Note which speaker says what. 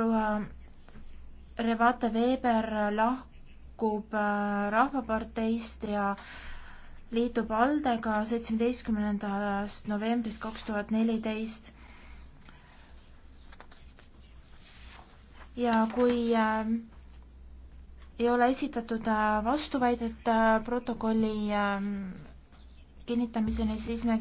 Speaker 1: proua Revate Weber lahkub äh, Rahvaparteist ja liitub ALDE-ga seitsmeteistkümnendast novembrist kaks tuhat neliteist. ja kui äh, ei ole esitatud äh, vastuväidet äh, protokolli äh, kinnitamiseni, siis me